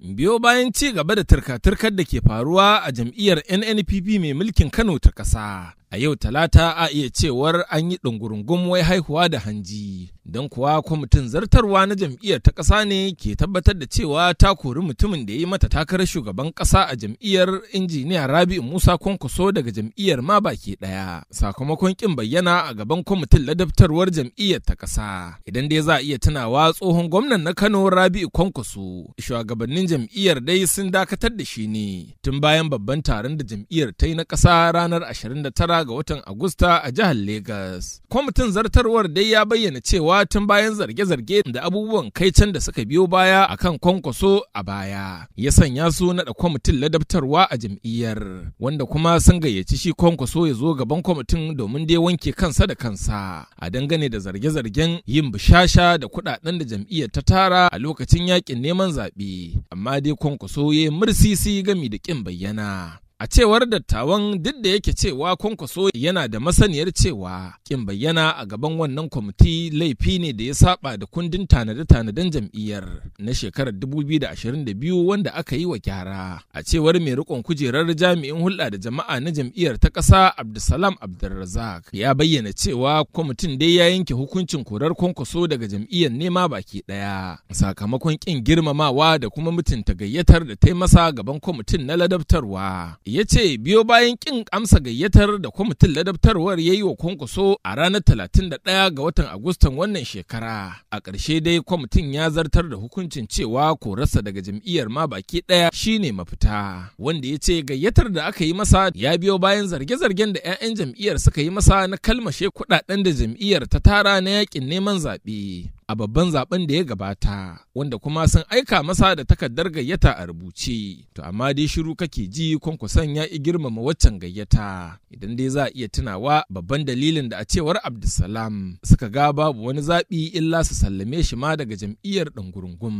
biyo bayan ci gaba da turka da ke faruwa a jam'iyyar nnpp mai mulkin kano ta ƙasa a yau talata a iya cewar an yi ɗungurungun wai haihuwa da hanji don kuwa kwamitin zartarwa na jam'iyyar ta ƙasa ne ke tabbatar da cewa ta kori mutumin da ya yi mata takarar shugaban ƙasa a jam'iyyar injiniya rabi'u musa kwankwaso daga jam'iyyar ma baki ɗaya sakamakon ƙin bayyana a gaban kwamitin ladabtarwar jam'iyyar ta ƙasa idan dai za a iya tunawa tsohon gwamnan na kano rabi'u kwankwaso shugabannin jam'iyyar dai sun dakatar da shi ne tun bayan babban taron da jam'iyyar ta yi na ƙasa ranar ashirin da tara ga watan agusta a jihar Legas. kwamitin zartarwar dai ya bayyana cewa tun bayan zarge-zarge da abubuwan kai can da suka biyo baya akan kwankwaso a baya ya sanya su naɗa kwamitin ladabtarwa a jam'iyyar wanda kuma sun gayyaci shi kwankwaso ya zo gaban kwamitin domin dai wanke kansa da kansa a dangane da zarge-zargen yin bishasha da kuɗaɗen da jam'iyyar ta tara a lokacin yakin neman zaɓe amma dai kwankwaso ya yi mursisi gami da ƙin bayyana A cewar dattawan duk da yake cewa kwankwaso yana da masaniyar cewa kin bayyana a gaban wannan kwamiti laifi ne da ya saba da kundin tanade-tanaden jam'iyyar na shekarar 2022 wanda aka yi wa gyara. A cewar mai rikon kujerar jami'in hulɗa da jama'a na jam'iyyar ta ƙasa Abdulsalam Abdulrazak ya bayyana cewa kwamitin dai ya yanke hukuncin korar kwankwaso daga jam'iyyar nema baki ɗaya sakamakon kin girmamawa da kuma mutunta gayyatar da ta yi masa gaban kwamitin na ladabtarwa. ya ce biyo bayan kin amsa gayyatar da kwamitin ladabtarwar ya yi wa kwankwaso a ranar 31 ga watan Agustan wannan shekara. A ƙarshe dai kwamitin ya zartar da hukuncin cewa rasa daga jam'iyyar ma baki ɗaya shine mafita. Wanda ya ce gayyatar da aka yi masa ya biyo bayan zarge-zargen da 'ya'yan jam'iyyar suka yi masa na kalmashe kuɗaɗen da jam'iyyar ta tara na yakin neman zaɓe. a babban zaben da ya gabata wanda kuma sun aika masa da takardar gayyata a rubuce to amma dai shiru kake ji kwankwason ya yi girmama waccan gayyata idan dai za a iya tunawa babban dalilin da a cewar abdulsalam suka ga babu wani zaɓi illa su sallame shi ma daga jam'iyyar ɗangungun.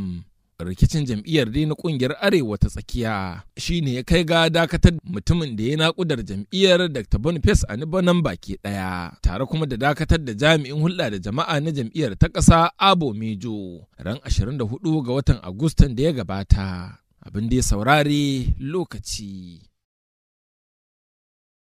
rikicin jam'iyyar dai na kungiyar arewa ta tsakiya shine ya kai ga dakatar mutumin da ya nakudar jam'iyyar dr boniface a nan baki daya tare kuma da dakatar da jami'in hulɗa da jama'a na jam'iyyar ta ƙasa abo mejo ran 24 ga watan agustan da ya gabata abin da ya saurare lokaci